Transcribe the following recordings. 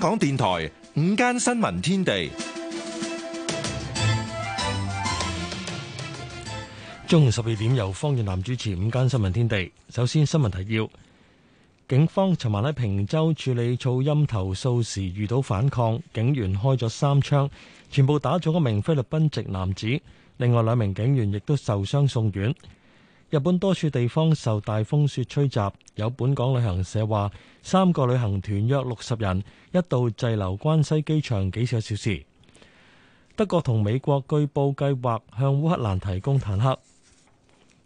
香港電台午間新聞天地，中午十二點，由方艷南主持午間新聞天地。首先新聞提要：警方尋晚喺坪洲處理噪音投訴時遇到反抗，警員開咗三槍，全部打中一名菲律賓籍男子，另外兩名警員亦都受傷送院。日本多處地方受大風雪吹襲，有本港旅行社話，三個旅行團約六十人一度滯留關西機場幾十小時。德國同美國據報計劃向烏克蘭提供坦克。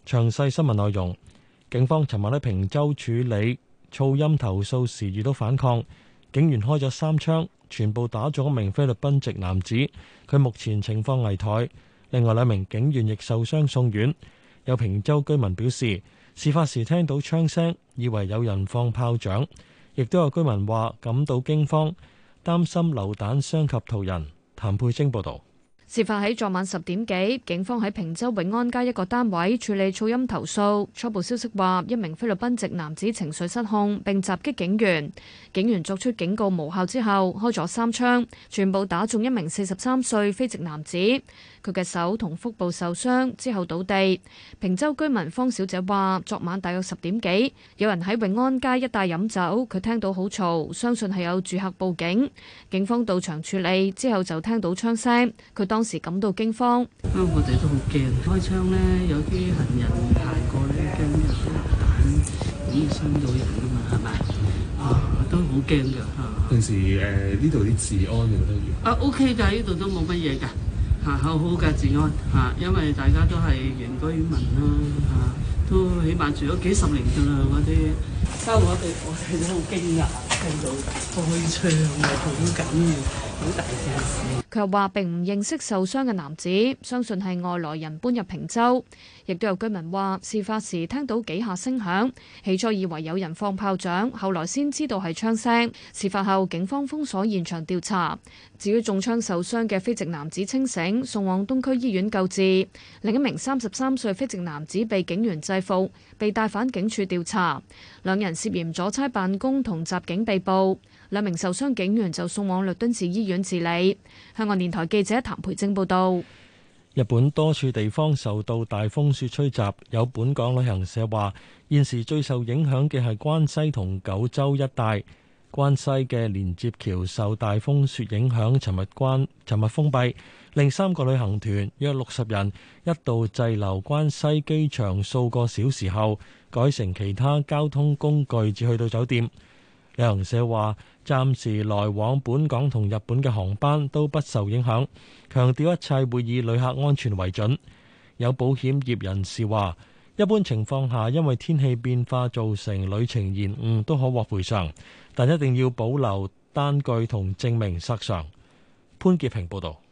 詳細新聞內容，警方尋晚喺坪洲處理噪音投訴時遇到反抗，警員開咗三槍，全部打中一名菲律賓籍男子，佢目前情況危殆。另外兩名警員亦受傷送院。有坪洲居民表示，事發時聽到槍聲，以為有人放炮仗；亦都有居民話感到驚慌，擔心流彈傷及途人。譚佩晶報導。事發喺昨晚十點幾，警方喺坪洲永安街一個單位處理噪音投訴。初步消息話，一名菲律賓籍男子情緒失控並襲擊警員，警員作出警告無效之後，開咗三槍，全部打中一名四十三歲菲籍男子。佢嘅手同腹部受傷，之後倒地。平洲居民方小姐話，昨晚大約十點幾，有人喺永安街一帶飲酒，佢聽到好嘈，相信係有住客報警。警方到場處理之後，就聽到槍聲，佢當時感到驚慌。啊，我哋都好驚，開槍呢，有啲行人行過呢，驚有飛彈，會傷到人啊嘛，係咪啊？都好驚㗎。平時誒呢度啲治安點樣？啊，OK 㗎，呢度都冇乜嘢㗎。啊，好好嘅治安嚇，啊，因為大家都係原居民啦嚇，啊，都起碼住咗幾十年噶啦嗰啲，所以我哋我哋都好驚訝，聽到開槍啊，好緊要。佢話並唔認識受傷嘅男子，相信係外來人搬入坪洲。亦都有居民話，事發時聽到幾下聲響，起初以為有人放炮仗，後來先知道係槍聲。事發後，警方封鎖現場調查。至於中槍受傷嘅非籍男子清醒，送往東區醫院救治。另一名三十三歲非籍男子被警員制服，被帶返警署調查。兩人涉嫌阻差辦公同襲警被捕。兩名受傷警員就送往律敦治醫院治理。香港電台記者譚培正報道。日本多處地方受到大風雪吹襲，有本港旅行社話，現時最受影響嘅係關西同九州一帶。關西嘅連接橋受大風雪影響，尋日關尋日封閉，另三個旅行團約六十人一度滯留關西機場數個小時後，改成其他交通工具至去到酒店。旅行社話暫時來往本港同日本嘅航班都不受影響，強調一切會以旅客安全為準，有保險業人士話一般情況下因為天氣變化造成旅程延誤都可獲賠償，但一定要保留單據同證明失常。潘潔平報道。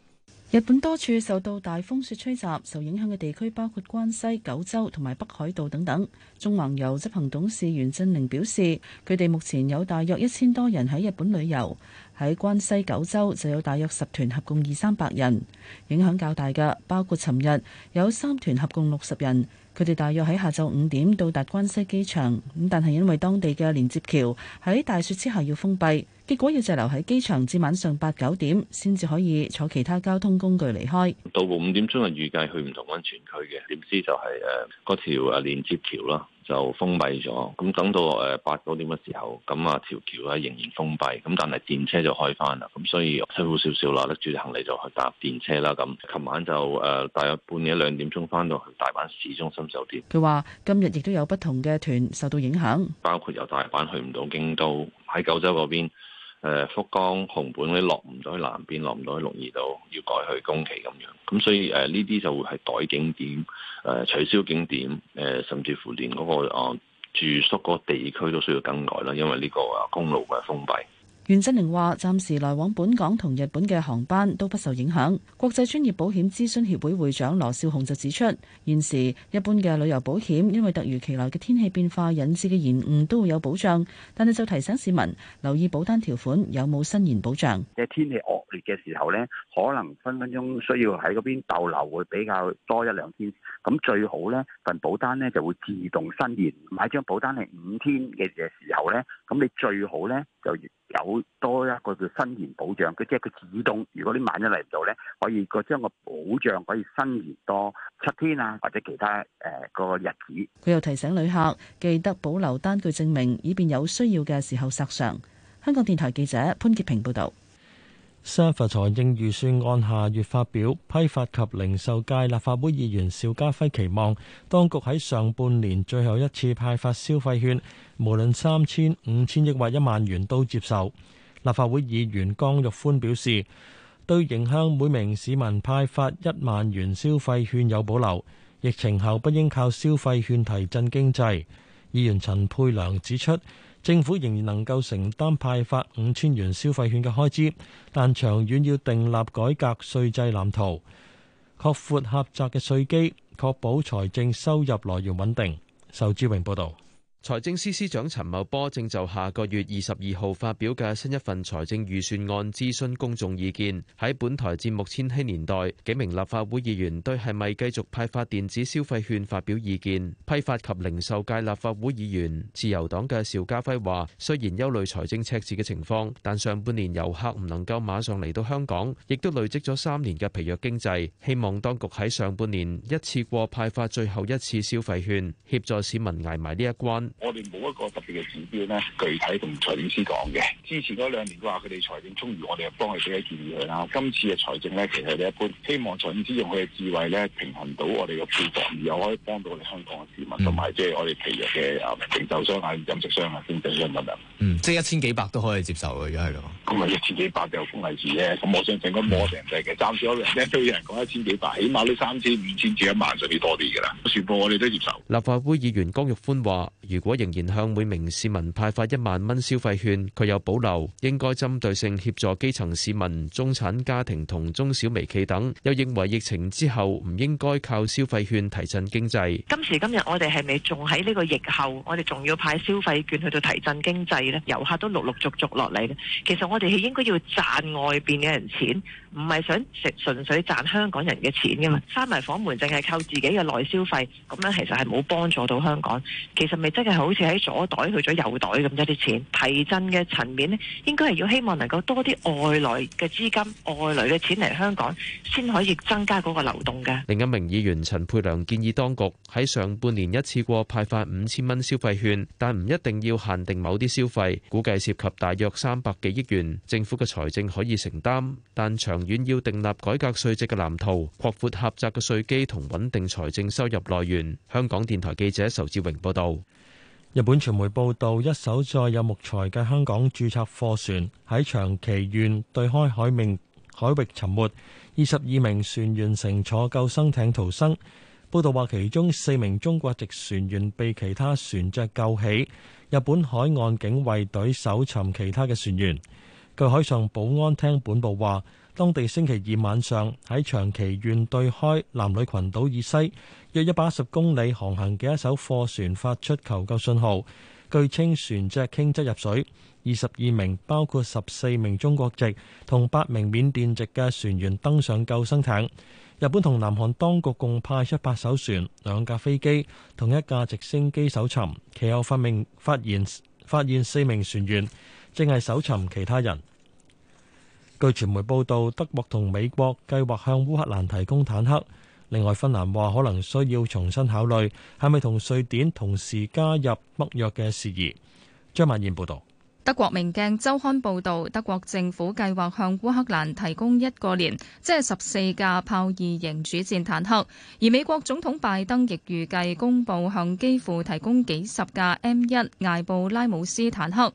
日本多處受到大風雪吹襲，受影響嘅地區包括關西、九州同埋北海道等等。縱橫遊執行董事袁振寧表示，佢哋目前有大約一千多人喺日本旅遊，喺關西九州就有大約十團，合共二三百人。影響較大嘅包括尋日有三團合共六十人。佢哋大約喺下晝五點到達關西機場，咁但係因為當地嘅連接橋喺大雪之後要封閉，結果要滯留喺機場至晚上八九點先至可以坐其他交通工具離開。到步五點鐘係預計去唔同溫泉區嘅，點知就係誒個條誒連接橋咯。就封閉咗，咁等到誒八九點嘅時候，咁啊條橋咧仍然封閉，咁但係電車就開翻啦，咁所以辛苦少少啦，拎住行李就去搭電車啦。咁琴晚就誒大約半夜兩點鐘翻到去大阪市中心酒店。佢話今日亦都有不同嘅團受到影響，包括由大阪去唔到京都喺九州嗰邊。誒、呃，福岡、紅本你落唔到去南邊，落唔到去龍二島，要改去宮崎咁樣。咁所以誒，呢、呃、啲就會係改景點、誒、呃、取消景點、誒、呃、甚至乎連嗰、那個、呃、住宿嗰個地區都需要更改啦，因為呢、這個、呃、公路嘅封閉。袁振寧話：暫時來往本港同日本嘅航班都不受影響。國際專業保險諮詢協會會長羅少雄就指出，現時一般嘅旅遊保險因為突如其來嘅天氣變化引致嘅延誤都會有保障，但係就提醒市民留意保單條款有冇伸延保障。即係天氣惡劣嘅時候呢，可能分分鐘需要喺嗰邊逗留會比較多一兩天，咁最好呢份保單呢就會自動伸延。買張保單係五天嘅時候呢。咁你最好咧，就有多一個叫新延保障，佢即係佢自動。如果你萬一嚟唔到咧，可以個將個保障可以新延多七天啊，或者其他誒個日子。佢又提醒旅客記得保留單據證明，以便有需要嘅時候索償。香港電台記者潘潔平報導。政府財政預算案下月發表，批發及零售界立法會議員邵家輝期望當局喺上半年最後一次派發消費券，無論三千、五千億或一萬元都接受。立法會議員江玉歡表示，對影響每名市民派發一萬元消費券有保留。疫情後不應靠消費券提振經濟。議員陳沛良指出，政府仍然能夠承擔派發五千元消費券嘅開支，但長遠要訂立改革稅制藍圖，擴闊狹窄嘅稅基，確保財政收入來源穩定。仇志榮報道。財政司司長陳茂波正就下個月二十二號發表嘅新一份財政預算案諮詢公眾意見。喺本台節目《千禧年代》，幾名立法會議員對係咪繼續派發電子消費券發表意見。批發及零售界立法會議員、自由黨嘅邵家輝話，雖然憂慮財政赤字嘅情況，但上半年遊客唔能夠馬上嚟到香港，亦都累積咗三年嘅疲弱經濟。希望當局喺上半年一次過派發最後一次消費券，協助市民捱埋呢一關。我哋冇一個特別嘅指標咧，具體同財政司講嘅。之前嗰兩年話佢哋財政充裕，我哋又幫佢俾啲建議佢啦。今次嘅財政咧其實咧一般，希望財政司用佢嘅智慧咧平衡到我哋嘅配房，又可以幫到我哋香港嘅市民，同埋即係我哋疲弱嘅啊零售商啊飲食商啊經濟商咁樣、嗯。即係一千幾百都可以接受嘅，而家係咁。咁啊、嗯，一千幾百就封利是啫。咁、嗯、 我相信人暫時我成世嘅爭咗一堆人講一千幾百，起碼都三千五千至 1, 000, 一萬就要多啲嘅啦。全部我哋都接受。立法會議員江玉歡話：，如果仍然向每名市民派發一萬蚊消費券，佢有保留，應該針對性協助基層市民、中產家庭同中小微企等。又認為疫情之後唔應該靠消費券提振經濟。今時今日，我哋係咪仲喺呢個疫後，我哋仲要派消費券去到提振經濟咧？遊客都陸陸續續落嚟咧，其實我哋係應該要賺外邊嘅人錢。唔係想食純粹賺香港人嘅錢噶嘛？閂埋房門，淨係靠自己嘅內消費，咁樣其實係冇幫助到香港。其實咪真係好似喺左袋去咗右袋咁一啲錢提振嘅層面咧，應該係要希望能夠多啲外來嘅資金、外來嘅錢嚟香港，先可以增加嗰個流動嘅。另一名議員陳佩良建議當局喺上半年一次過派發五千蚊消費券，但唔一定要限定某啲消費，估計涉及大約三百幾億元，政府嘅財政可以承擔，但長。院要定立改革稅制嘅藍圖，擴闊狹窄嘅稅基同穩定財政收入來源。香港電台記者仇志榮報道。日本傳媒報道，一艘載有木材嘅香港注冊貨船喺長崎縣對開海面海域沉沒，二十二名船員乘坐救生艇逃生。報道話，其中四名中國籍船員被其他船隻救起。日本海岸警衛隊搜尋其他嘅船員。據海上保安廳本部話。當地星期二晚上喺長崎縣對開男女群島以西約一百一十公里航行嘅一艘貨船發出求救信號，據稱船隻傾側入水。二十二名包括十四名中國籍同八名緬甸籍嘅船員登上救生艇。日本同南韓當局共派出八艘船、兩架飛機同一架直升機搜尋，其後發明發現發現四名船員，正係搜尋其他人。據傳媒報道，德國同美國計劃向烏克蘭提供坦克。另外，芬蘭話可能需要重新考慮係咪同瑞典同時加入北約嘅事宜。張曼燕報道。德國明鏡周刊報道，德國政府計劃向烏克蘭提供一個連，即係十四架豹二型主戰坦克。而美國總統拜登亦預計公布向基輔提供幾十架 M 一艾布拉姆斯坦克。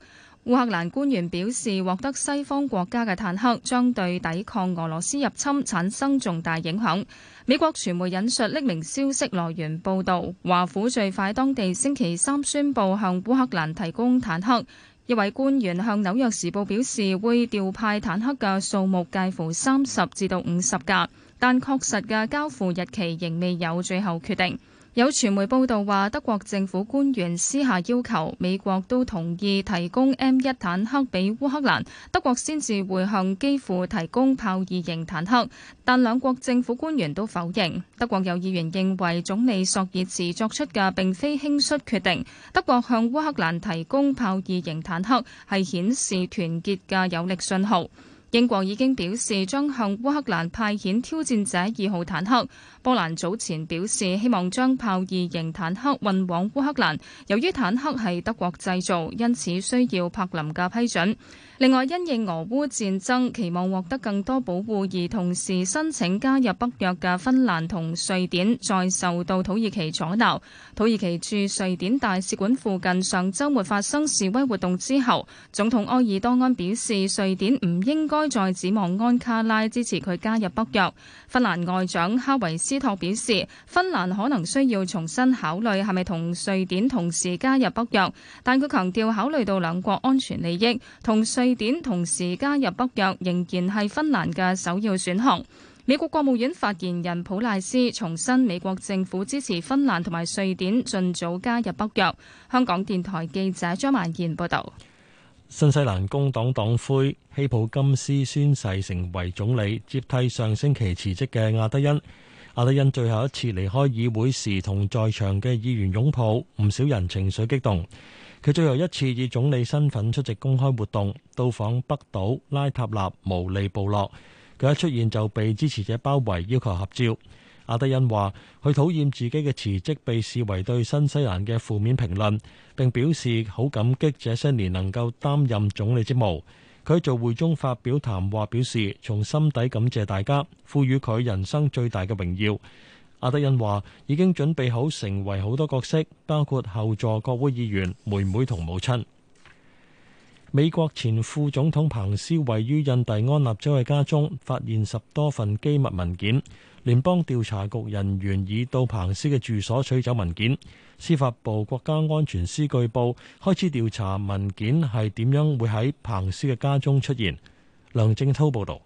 烏克蘭官員表示，獲得西方國家嘅坦克將對抵抗俄羅斯入侵產生重大影響。美國傳媒引述匿名消息來源報道，華府最快當地星期三宣布向烏克蘭提供坦克。一位官員向紐約時報表示，會調派坦克嘅數目介乎三十至到五十架，但確實嘅交付日期仍未有最後決定。有傳媒報道話，德國政府官員私下要求美國都同意提供 M 一坦克俾烏克蘭，德國先至會向基輔提供豹二型坦克。但兩國政府官員都否認。德國有議員認為總理索爾茨作出嘅並非輕率決定，德國向烏克蘭提供豹二型坦克係顯示團結嘅有力信號。英國已經表示將向烏克蘭派遣挑戰者二號坦克。波蘭早前表示希望將豹二型坦克運往烏克蘭。由於坦克係德國製造，因此需要柏林嘅批准。另外，因應俄烏戰爭，期望獲得更多保護而同時申請加入北約嘅芬蘭同瑞典，再受到土耳其阻撓。土耳其駐瑞典大使館附近上周末發生示威活動之後，總統埃爾多安表示，瑞典唔應該再指望安卡拉支持佢加入北約。芬蘭外長哈維斯托表示，芬蘭可能需要重新考慮係咪同瑞典同時加入北約，但佢強調考慮到兩國安全利益同瑞。瑞典同時加入北約仍然係芬蘭嘅首要選項。美國國務院發言人普賴斯重申美國政府支持芬蘭同埋瑞典盡早加入北約。香港電台記者張萬賢報導。新西蘭工黨黨魁希普金斯宣誓成為總理，接替上星期辭職嘅阿德恩。阿德恩最後一次離開議會時，同在場嘅議員擁抱，唔少人情緒激動。佢最後一次以總理身份出席公開活動，到訪北島拉塔納毛利部落。佢一出現就被支持者包圍，要求合照。阿德恩話：佢討厭自己嘅辭職被視為對新西蘭嘅負面評論，並表示好感激這些年能夠擔任總理職務。佢喺做會中發表談話，表示從心底感謝大家，賦予佢人生最大嘅榮耀。阿德恩話：印已經準備好成為好多角色，包括後座國會議員、妹妹同母親。美國前副總統彭斯位於印第安納州嘅家中，發現十多份機密文件。聯邦調查局人員已到彭斯嘅住所取走文件。司法部國家安全司據報開始調查文件係點樣會喺彭斯嘅家中出現。梁正濤報導。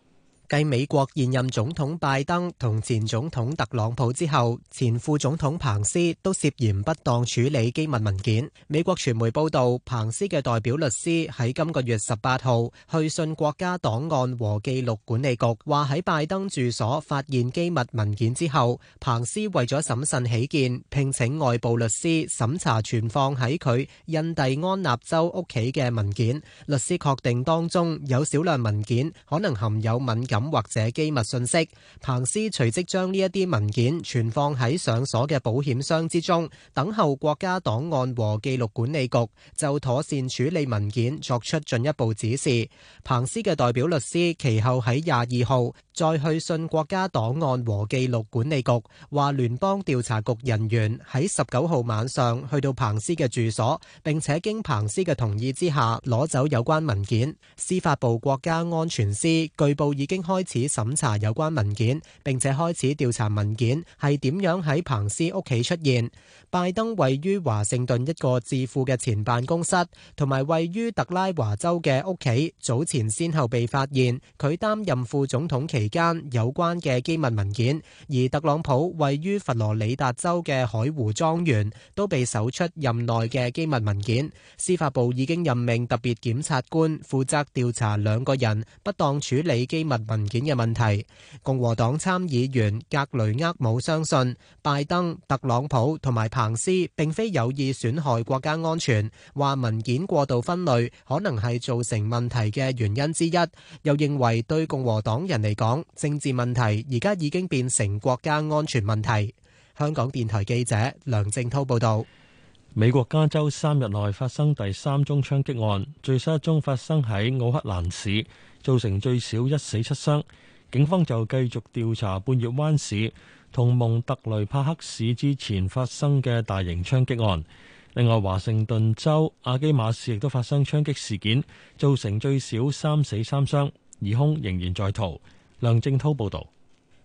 繼美國現任總統拜登同前總統特朗普之後，前副總統彭斯都涉嫌不當處理機密文件。美國傳媒報道，彭斯嘅代表律師喺今個月十八號去信國家檔案和記錄管理局，話喺拜登住所發現機密文件之後，彭斯為咗審慎起見，聘請外部律師審查存放喺佢印第安納州屋企嘅文件。律師確定當中有少量文件可能含有敏感。或者機密信息，彭斯隨即將呢一啲文件存放喺上鎖嘅保險箱之中，等候國家檔案和記錄管理局就妥善處理文件作出進一步指示。彭斯嘅代表律師其後喺廿二號再去信國家檔案和記錄管理局，話聯邦調查局人員喺十九號晚上去到彭斯嘅住所，並且經彭斯嘅同意之下攞走有關文件。司法部國家安全司據報已經。開始審查有關文件，並且開始調查文件係點樣喺彭斯屋企出現。拜登位於華盛頓一個智庫嘅前辦公室，同埋位於特拉華州嘅屋企，早前先後被發現佢擔任副總統期間有關嘅機密文件；而特朗普位於佛羅里達州嘅海湖莊園，都被搜出任內嘅機密文件。司法部已經任命特別檢察官負責調查兩個人不當處理機密文件。文件嘅問題，共和黨參議員格雷厄姆相信拜登、特朗普同埋彭斯並非有意損害國家安全，話文件過度分類可能係造成問題嘅原因之一，又認為對共和黨人嚟講，政治問題而家已經變成國家安全問題。香港電台記者梁正濤報道。美國加州三日內發生第三宗槍擊案，最新一宗發生喺奧克蘭市，造成最少一死七傷，警方就繼續調查半月灣市同蒙特雷帕克市之前發生嘅大型槍擊案。另外，華盛頓州亞基馬市亦都發生槍擊事件，造成最少三死三傷，疑兇仍然在逃。梁正濤報道。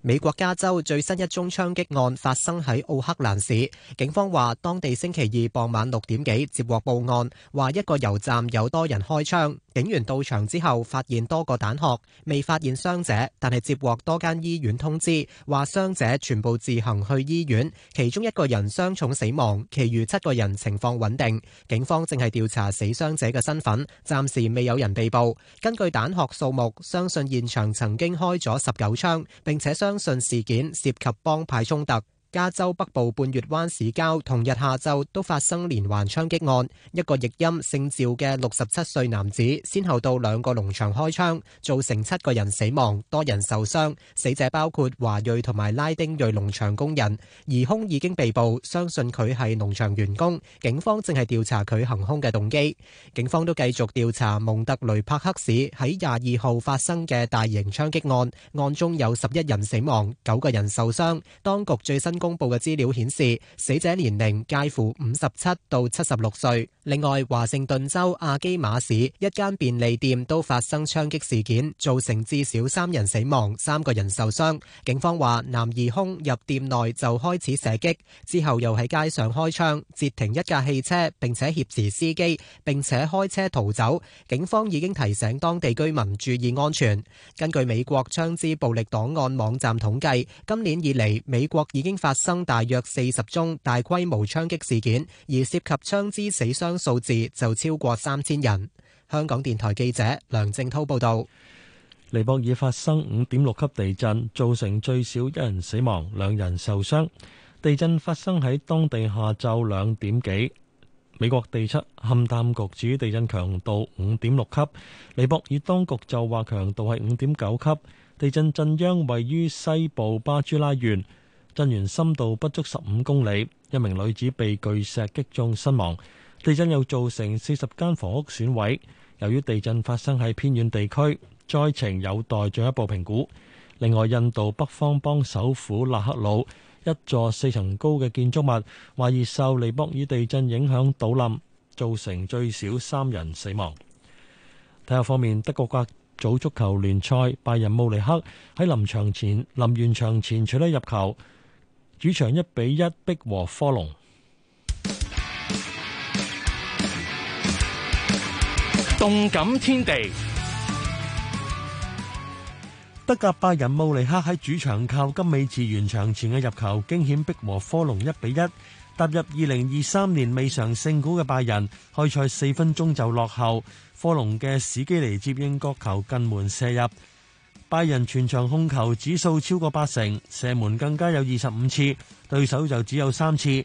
美國加州最新一宗槍擊案發生喺奧克蘭市，警方話當地星期二傍晚六點幾接獲報案，話一個油站有多人開槍。警員到場之後發現多個彈殼，未發現傷者，但係接獲多間醫院通知，話傷者全部自行去醫院，其中一個人傷重死亡，其餘七個人情況穩定。警方正係調查死傷者嘅身份，暫時未有人被捕。根據彈殼數目，相信現場曾經開咗十九槍，並且傷。信事件涉及幫派衝突。加州北部半月灣市郊同日下晝都發生連環槍擊案，一個譯音姓趙嘅六十七歲男子先後到兩個農場開槍，造成七個人死亡，多人受傷，死者包括華裔同埋拉丁裔農場工人。疑凶已經被捕，相信佢係農場員工，警方正係調查佢行凶嘅動機。警方都繼續調查蒙特雷帕克市喺廿二號發生嘅大型槍擊案，案中有十一人死亡，九個人受傷，當局最新公布嘅資料顯示，死者年齡介乎五十七到七十六歲，另外，華盛頓州阿基馬市一間便利店都發生槍擊事件，造成至少三人死亡、三個人受傷，警方話，男疑兇入店內就開始射擊，之後又喺街上開槍截停一架汽車並且挾持司機並且開車逃走。警方已經提醒當地居民注意安全。根據美國槍支暴力檔案網站統計，今年以嚟美國已經發生大約四十宗大規模槍擊事件，而涉及槍支死傷數字就超過三千人。香港電台記者梁正濤報道：尼泊爾發生五點六級地震，造成最少一人死亡、兩人受傷。地震發生喺當地下晝兩點幾。美國地質勘探局指地震強度五點六級，尼泊爾當局就話強度係五點九級。地震震央位於西部巴朱拉縣。震源深度不足十五公里，一名女子被巨石擊中身亡。地震又造成四十間房屋損毀。由於地震發生喺偏遠地區，災情有待進一步評估。另外，印度北方邦首府拉克魯一座四層高嘅建築物懷疑受尼泊爾地震影響倒冧，造成最少三人死亡。體育方面，德國甲組足球聯賽拜仁慕尼黑喺臨場前臨完場前取得入球。主場一比一逼和科隆。動感天地。德甲拜仁慕尼黑喺主場靠金美治完場前嘅入球，驚險逼和科隆一比一。踏入二零二三年未嘗勝果嘅拜仁，開賽四分鐘就落後。科隆嘅史基尼接應角球近門射入。拜仁全場控球指數超過八成，射門更加有二十五次，對手就只有三次。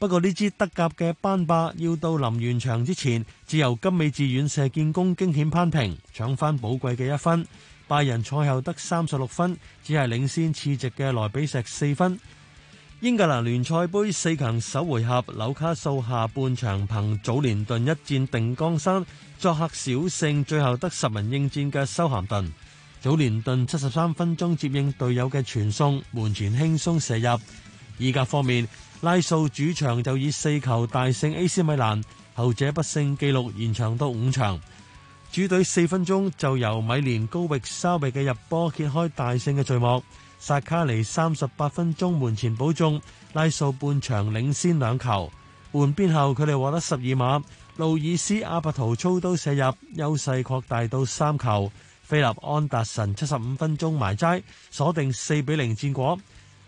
不過呢支德甲嘅班霸要到臨完場之前，只由金美志遠射建功，驚險攀平，搶翻寶貴嘅一分。拜仁賽後得三十六分，只係領先次席嘅萊比錫四分。英格蘭聯賽盃四強首回合，紐卡素下半場憑祖連頓一戰定江山，作客小勝，最後得十人應戰嘅修咸頓。早年頓七十三分鐘接應隊友嘅傳送，門前輕鬆射入。意甲方面，拉素主場就以四球大勝 AC 米蘭，後者不勝紀錄延長到五場。主隊四分鐘就由米連高域沙域嘅入波揭開大勝嘅序幕。薩卡尼三十八分鐘門前補中，拉素半場領先兩球。換邊後佢哋獲得十二碼，路爾斯阿伯圖操刀射入，優勢擴大到三球。菲立安達臣七十五分鐘埋齋，鎖定四比零戰果。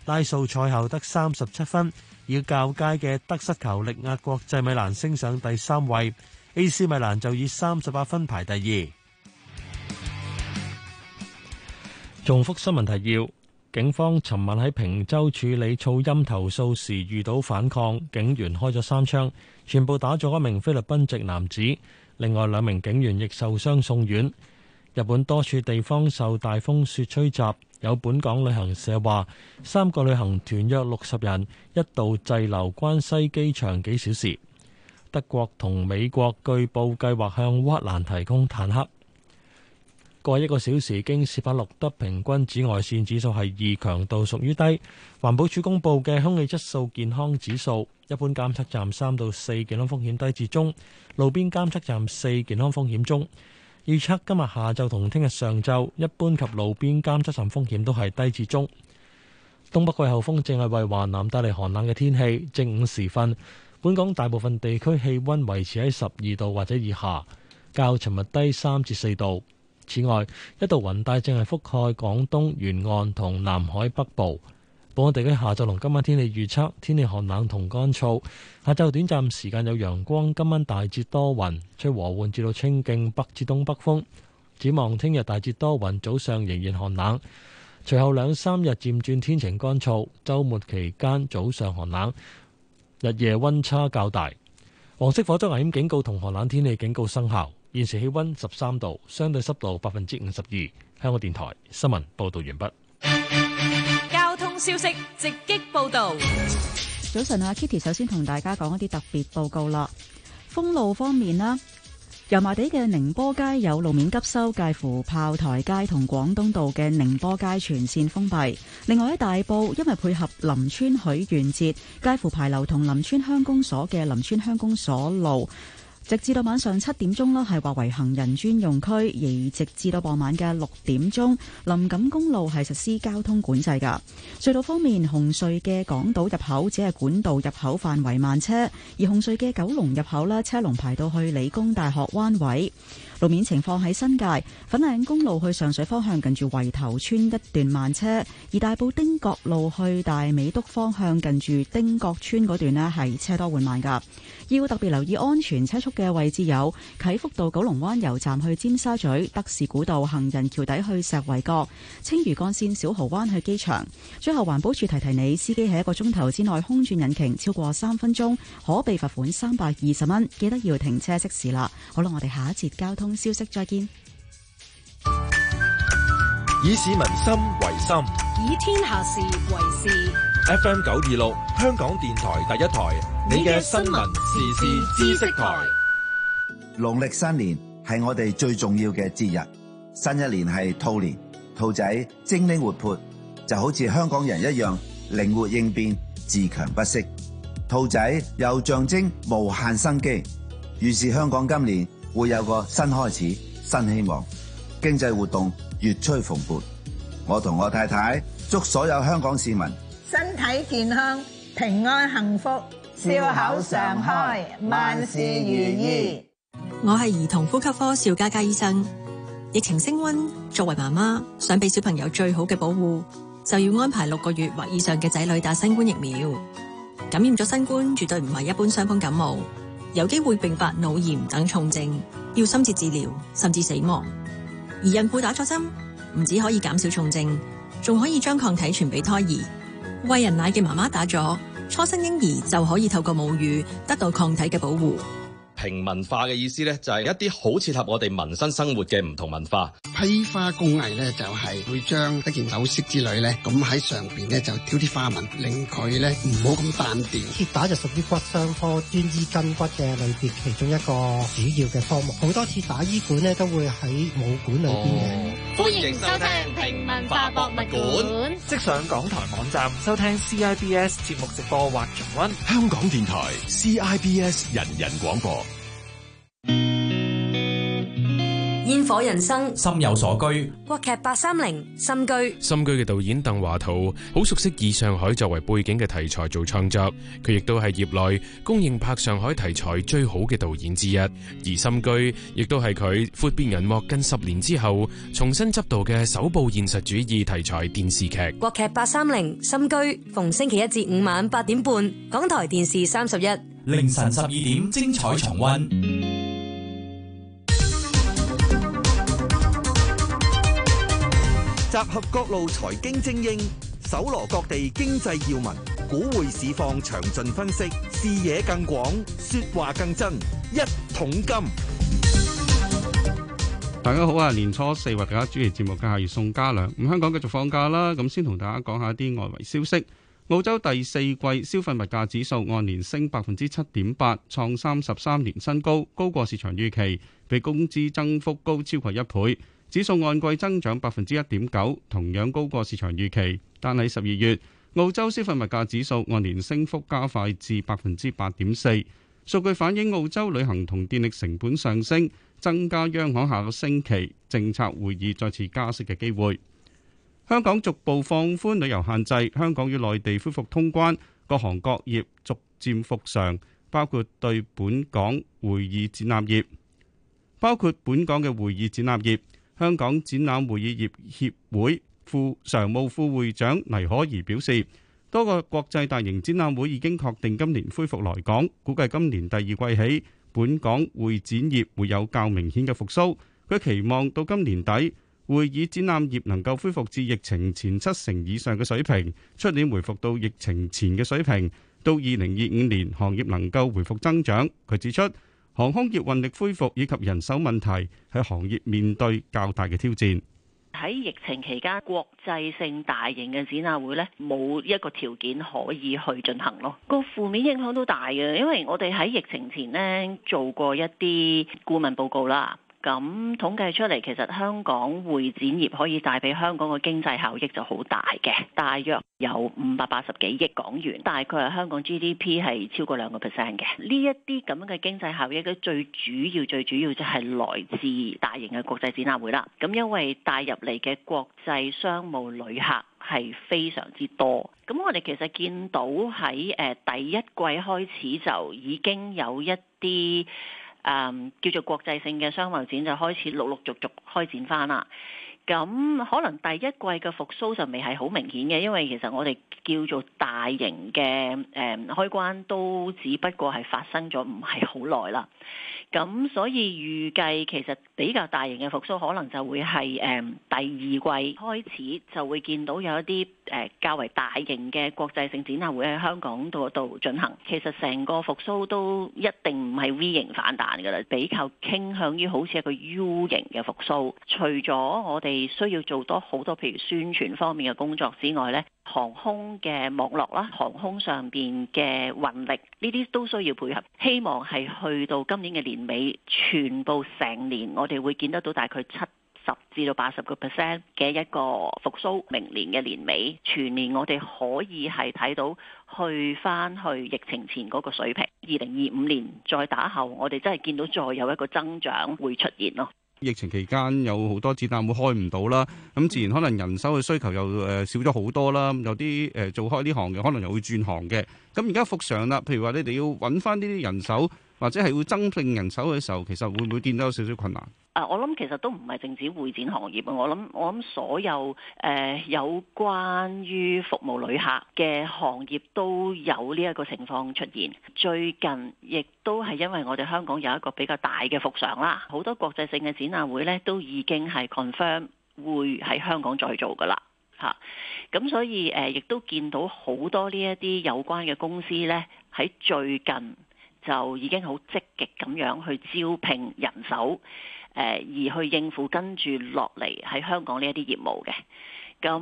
拉素賽後得三十七分，以較佳嘅得失球力壓國際米蘭，升上第三位。A.C. 米蘭就以三十八分排第二。重複新聞提要：警方尋晚喺坪洲處理噪音投訴時遇到反抗，警員開咗三槍，全部打中一名菲律賓籍男子，另外兩名警員亦受傷送院。日本多處地方受大風雪吹襲，有本港旅行社話，三個旅行團約六十人一度滯留關西機場幾小時。德國同美國據報計劃向烏克蘭提供坦克。過一個小時，京士柏錄得平均紫外線指數係二，強度屬於低。環保署公佈嘅空氣質素健康指數，一般監測站三到四，健康風險低至中，路邊監測站四，健康風險中。預測今日下晝同聽日上晝，一般及路邊監測站風險都係低至中。東北季候風正係為華南帶嚟寒冷嘅天氣。正午時分，本港大部分地區氣温維持喺十二度或者以下，較尋日低三至四度。此外，一道雲帶正係覆蓋廣東沿岸同南海北部。本港地區下晝同今晚天氣預測，天氣寒冷同乾燥。下晝短暫時間有陽光，今晚大致多雲，吹和緩至到清勁北至東北風。展望聽日大致多雲，早上仍然寒冷，隨後兩三日漸轉天晴乾燥。周末期間早上寒冷，日夜溫差較大。黃色火災危險警告同寒冷天氣警告生效。現時氣溫十三度，相對濕度百分之五十二。香港電台新聞報道完畢。消息直擊報道。早晨啊，Kitty，首先同大家講一啲特別報告啦。封路方面啦，油麻地嘅寧波街有路面急修，介乎炮台街同廣東道嘅寧波街全線封閉。另外喺大埔，因為配合林村許願節，介乎牌樓同林村鄉公所嘅林村鄉公所路。直至到晚上七點鐘啦，係劃為行人專用區，而直至到傍晚嘅六點鐘，林錦公路係實施交通管制㗎。隧道方面，紅隧嘅港島入口只係管道入口範圍慢車，而紅隧嘅九龍入口咧，車龍排到去理工大學灣位。路面情況喺新界粉嶺公路去上水方向近住圍頭村一段慢車，而大埔丁角路去大美督方向近住丁角村嗰段呢係車多緩慢㗎。要特別留意安全車速嘅位置有啟福道、九龍灣油站去尖沙咀、德士古道行人橋底去石圍角、青嶼幹線小蠔灣去機場。最後，環保處提提你，司機喺一個鐘頭之內空轉引擎，超過三分鐘，可被罰款三百二十蚊。記得要停車熄匙啦。好啦，我哋下一節交通。消息再見，以市民心為心，以天下事為事。FM 九二六，香港電台第一台，你嘅新聞時事知識台。農曆新年係我哋最重要嘅節日，新一年係兔年，兔仔精靈活潑，就好似香港人一樣靈活應變、自強不息。兔仔又象徵無限生機，於是香港今年。會有個新開始，新希望，經濟活動越趨蓬勃。我同我太太祝所有香港市民身體健康、平安幸福、笑口常開、萬事如意。我係兒童呼吸科邵嘉嘉醫生。疫情升温，作為媽媽想俾小朋友最好嘅保護，就要安排六個月或以上嘅仔女打新冠疫苗。感染咗新冠絕對唔係一般傷風感冒。有機會併發腦炎等重症，要深切治療，甚至死亡。而孕婦打咗針，唔只可以減少重症，仲可以將抗體傳俾胎兒。喂人奶嘅媽媽打咗，初生嬰兒就可以透過母乳得到抗體嘅保護。平民化嘅意思咧，就係、是、一啲好切合我哋民生生活嘅唔同文化。批花工藝咧，就係、是、會將一件首飾之類咧，咁喺上邊咧，就挑啲花紋，令佢咧唔好咁單調。鐵打就屬於骨傷科、專醫筋骨嘅類別其中一個主要嘅科目。好多鐵打醫館咧都會喺武館裏邊嘅。哦、歡迎收聽平民化博物館，即上港台網站收聽 CIBS 節目直播或重溫香港電台 CIBS 人人廣播。煙火人生，心有所居。國劇八三零心居。心居嘅導演滕華濤，好熟悉以上海作為背景嘅題材做創作。佢亦都係業內公認拍上海題材最好嘅導演之一。而心居亦都係佢闊別銀幕近十年之後，重新執導嘅首部現實主義題材電視劇。國劇八三零心居，逢星期一至五晚八點半，港台電視三十一，凌晨十二點精彩重温。集合各路財經精英，搜羅各地經濟要聞，股匯市況詳盡分析，視野更廣，說話更真。一桶金，大家好啊！年初四為大家主持節目，嘅係宋家良。咁香港繼續放假啦，咁先同大家講下一啲外圍消息。澳洲第四季消費物價指數按年升百分之七點八，創三十三年新高，高過市場預期，比工資增幅高超過一倍。指數按季增長百分之一點九，同樣高過市場預期。但喺十二月，澳洲消費物價指數按年升幅加快至百分之八點四。數據反映澳洲旅行同電力成本上升，增加央行下個星期政策會議再次加息嘅機會。香港逐步放寬旅遊限制，香港與內地恢復通關，各行各業逐漸復常，包括對本港會議展覽業，包括本港嘅會議展覽業。香港展覽會議業協會副常務副會長倪可怡表示，多個國際大型展覽會已經確定今年恢復來港，估計今年第二季起，本港會展業會有較明顯嘅復蘇。佢期望到今年底，會議展覽業能夠恢復至疫情前七成以上嘅水平，出年回復到疫情前嘅水平，到二零二五年行業能夠回復增長。佢指出。航空業運力恢復以及人手問題，喺行業面對較大嘅挑戰。喺疫情期間，國際性大型嘅展覽會呢，冇一個條件可以去進行咯。個負面影響都大嘅，因為我哋喺疫情前呢，做過一啲顧問報告啦。咁統計出嚟，其實香港會展業可以帶俾香港嘅經濟效益就好大嘅，大約有五百八十幾億港元，大概係香港 GDP 係超過兩個 percent 嘅。呢一啲咁嘅經濟效益，咧最主要最主要就係來自大型嘅國際展覽會啦。咁因為帶入嚟嘅國際商務旅客係非常之多。咁我哋其實見到喺誒第一季開始就已經有一啲。Um, 叫做國際性嘅商貿展就開始陸陸續續開展翻啦。咁、嗯、可能第一季嘅復甦就未係好明顯嘅，因為其實我哋叫做大型嘅誒、嗯、開關都只不過係發生咗唔係好耐啦。咁、嗯、所以預計其實比較大型嘅復甦可能就會係誒、嗯、第二季開始就會見到有一啲誒、嗯、較為大型嘅國際性展覽會喺香港度度進行。其實成個復甦都一定唔係 V 型反彈㗎啦，比較傾向於好似一個 U 型嘅復甦，除咗我哋。係需要做多好多，譬如，宣傳方面嘅工作之外咧，航空嘅網絡啦，航空上邊嘅運力呢啲都需要配合。希望係去到今年嘅年尾，全部成年我哋會見得到大概七十至到八十個 percent 嘅一個復甦。明年嘅年尾全年我哋可以係睇到去翻去疫情前嗰個水平。二零二五年再打後，我哋真係見到再有一個增長會出現咯。疫情期間有好多次但會開唔到啦，咁自然可能人手嘅需求又誒少咗好多啦，有啲誒做開呢行嘅可能又會轉行嘅，咁而家復常啦，譬如話你哋要揾返呢啲人手。或者係會增聘人手嘅時候，其實會唔會見到有少少困難？啊，我諗其實都唔係淨止會展行業啊，我諗我諗所有誒、呃、有關於服務旅客嘅行業都有呢一個情況出現。最近亦都係因為我哋香港有一個比較大嘅復常啦，好多國際性嘅展覽會呢都已經係 confirm 會喺香港再做噶啦，嚇、啊。咁所以誒，亦、呃、都見到好多呢一啲有關嘅公司呢喺最近。就已經好積極咁樣去招聘人手，誒、呃、而去應付跟住落嚟喺香港呢一啲業務嘅。咁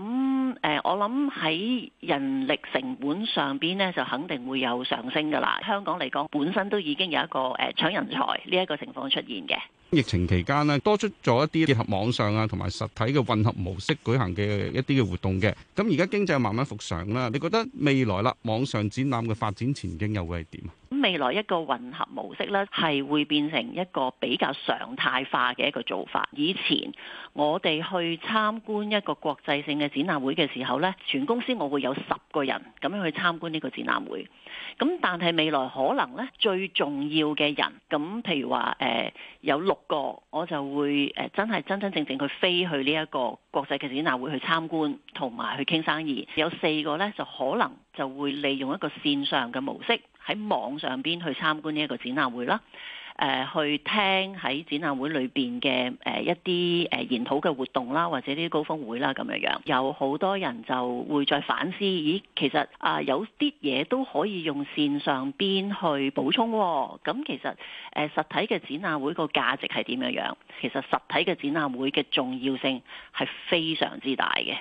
誒、呃，我諗喺人力成本上邊呢，就肯定會有上升㗎啦。香港嚟講，本身都已經有一個誒搶、呃、人才呢一個情況出現嘅。疫情期間咧，多出咗一啲結合網上啊，同埋實體嘅混合模式舉行嘅一啲嘅活動嘅。咁而家經濟慢慢復常啦，你覺得未來啦，網上展覽嘅發展前景又會係點？咁未來一個混合模式呢，係會變成一個比較常態化嘅一個做法。以前我哋去參觀一個國際性嘅展覽會嘅時候呢，全公司我會有十個人咁樣去參觀呢個展覽會，咁但係未來可能呢最重要嘅人咁，譬如話。誒、呃。有六個，我就會誒真係真真正正去飛去呢一個國際嘅展覽會去參觀同埋去傾生意，有四個咧，就可能就會利用一個線上嘅模式喺網上邊去參觀呢一個展覽會啦。誒去聽喺展覽會裏邊嘅誒一啲誒研討嘅活動啦，或者啲高峰會啦咁樣樣，有好多人就會再反思，咦，其實啊有啲嘢都可以用線上邊去補充喎、哦。咁其實誒實體嘅展覽會個價值係點樣樣？其實實體嘅展覽會嘅重要性係非常之大嘅。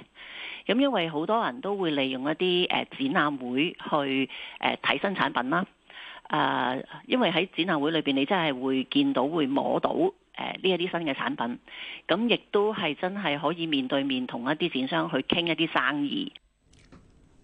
咁因為好多人都會利用一啲誒展覽會去誒睇新產品啦。啊，因為喺展覽會裏邊，你真係會見到、會摸到誒呢一啲新嘅產品，咁亦都係真係可以面對面同一啲展商去傾一啲生意。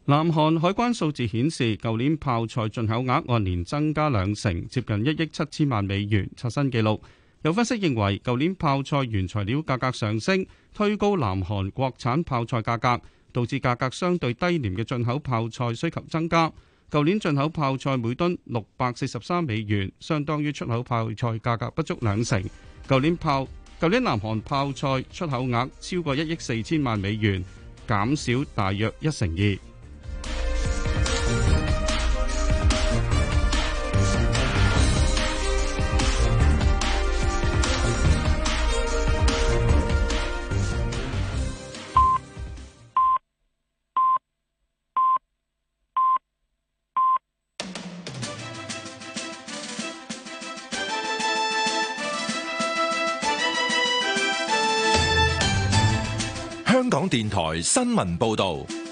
南韓海關數字顯示，舊年泡菜進口額按年增加兩成，接近一億七千萬美元，刷新紀錄。有分析認為，舊年泡菜原材料價格上升，推高南韓國產泡菜價格，導致價格相對低廉嘅進口泡菜需求增加。舊年進口泡菜每噸六百四十三美元，相當於出口泡菜價格不足兩成。舊年泡，舊年南韓泡菜出口額超過一億四千萬美元，減少大約一成二。新聞報道。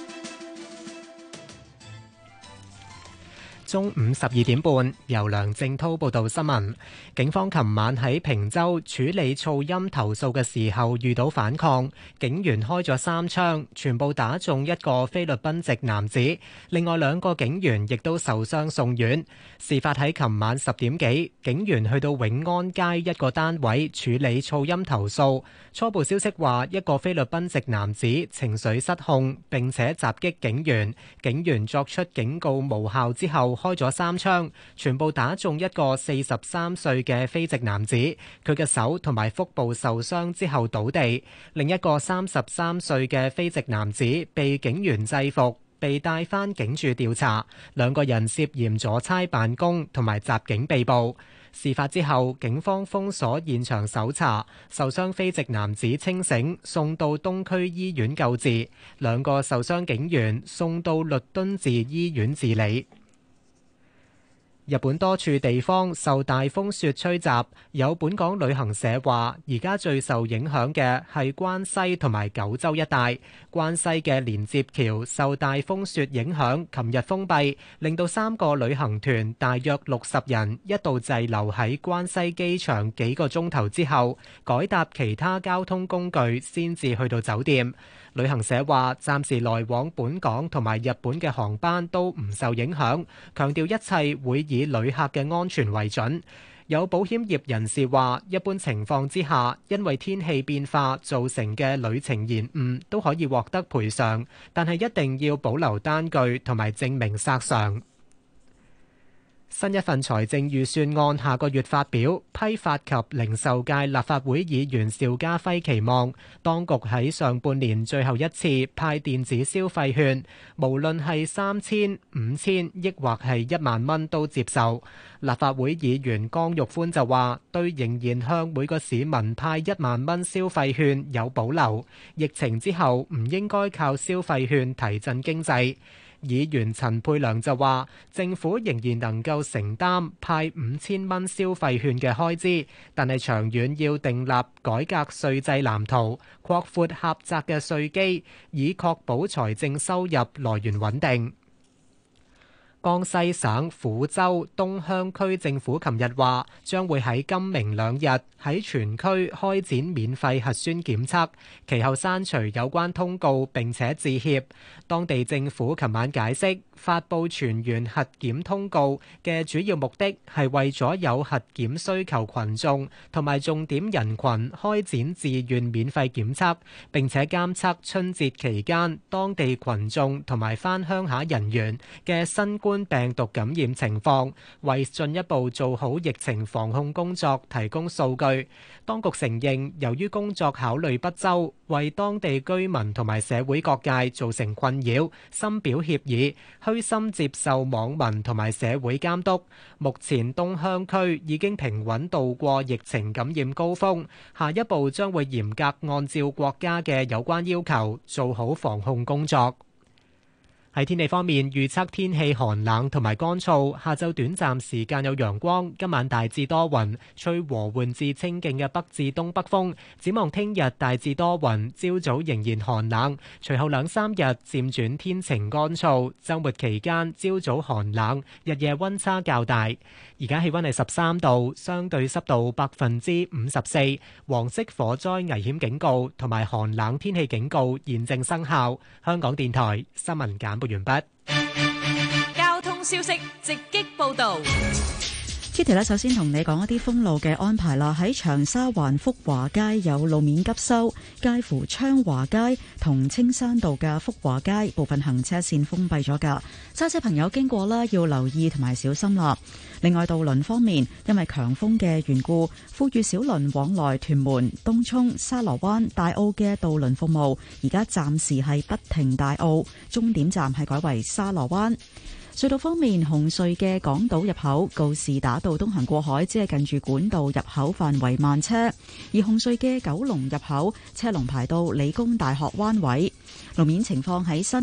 中午十二點半，由梁正濤報道新聞。警方琴晚喺坪洲處理噪音投訴嘅時候遇到反抗，警員開咗三槍，全部打中一個菲律賓籍男子，另外兩個警員亦都受傷送院。事發喺琴晚十點幾，警員去到永安街一個單位處理噪音投訴。初步消息話，一個菲律賓籍男子情緒失控，並且襲擊警員，警員作出警告無效之後，開咗三槍，全部打中一個四十三歲嘅非籍男子，佢嘅手同埋腹部受傷之後倒地。另一個三十三歲嘅非籍男子被警員制服，被帶返警署調查。兩個人涉嫌阻差辦公同埋襲警被捕。事發之後，警方封鎖現場搜查，受傷非籍男子清醒，送到東區醫院救治。兩個受傷警員送到律敦治醫院治理。日本多處地方受大風雪吹襲，有本港旅行社話，而家最受影響嘅係關西同埋九州一帶。關西嘅連接橋受大風雪影響，琴日封閉，令到三個旅行團大約六十人一度滯留喺關西機場幾個鐘頭之後，改搭其他交通工具先至去到酒店。旅行社話，暫時來往本港同埋日本嘅航班都唔受影響，強調一切會以旅客嘅安全為準，有保險業人士話，一般情況之下，因為天氣變化造成嘅旅程延誤都可以獲得賠償，但係一定要保留單據同埋證明殺償。新一份財政預算案下個月發表，批發及零售界立法會議員邵家輝期望當局喺上半年最後一次派電子消費券，無論係三千、五千，抑或係一萬蚊都接受。立法會議員江玉歡就話：對仍然向每個市民派一萬蚊消費券有保留，疫情之後唔應該靠消費券提振經濟。議員陳佩良就話：政府仍然能夠承擔派五千蚊消費券嘅開支，但係長遠要訂立改革稅制藍圖，擴闊狹窄嘅稅基，以確保財政收入來源穩定。江西省撫州東鄉區政府琴日話，將會喺今明兩日喺全區開展免費核酸檢測，其後刪除有關通告，並且致歉。當地政府琴晚解釋，發布全員核檢通告嘅主要目的係為咗有核檢需求群眾同埋重點人群開展自願免費檢測，並且監測春節期間當地群眾同埋返鄉下人員嘅新冠冠病毒感染情況，為進一步做好疫情防控工作提供數據。當局承認，由於工作考慮不周，為當地居民同埋社會各界造成困擾，深表歉意，虛心接受網民同埋社會監督。目前東鄉區已經平穩度過疫情感染高峰，下一步將會嚴格按照國家嘅有關要求做好防控工作。喺天氣方面，預測天氣寒冷同埋乾燥，下晝短暫時間有陽光，今晚大致多雲，吹和緩至清勁嘅北至東北風。展望聽日大致多雲，朝早仍然寒冷，隨後兩三日漸轉天晴乾燥。周末期間朝早寒冷，日夜溫差較大。而家氣溫係十三度，相對濕度百分之五十四。黃色火災危險警告同埋寒冷天氣警告現正生效。香港電台新聞簡。完畢，交通消息直擊報導。Kitty 咧，首先同你講一啲封路嘅安排啦。喺長沙灣福華街有路面急修，介乎昌華街同青山道嘅福華街部分行車線封閉咗噶揸車朋友經過咧，要留意同埋小心啦。另外，渡輪方面，因為強風嘅緣故，呼籲小輪往來屯門、東涌、沙螺灣、大澳嘅渡輪服務，而家暫時係不停大澳，終點站係改為沙螺灣。隧道方面，紅隧嘅港島入口告士打道東行過海，只係近住管道入口範圍慢車；而紅隧嘅九龍入口車龍排到理工大學彎位，路面情況喺新。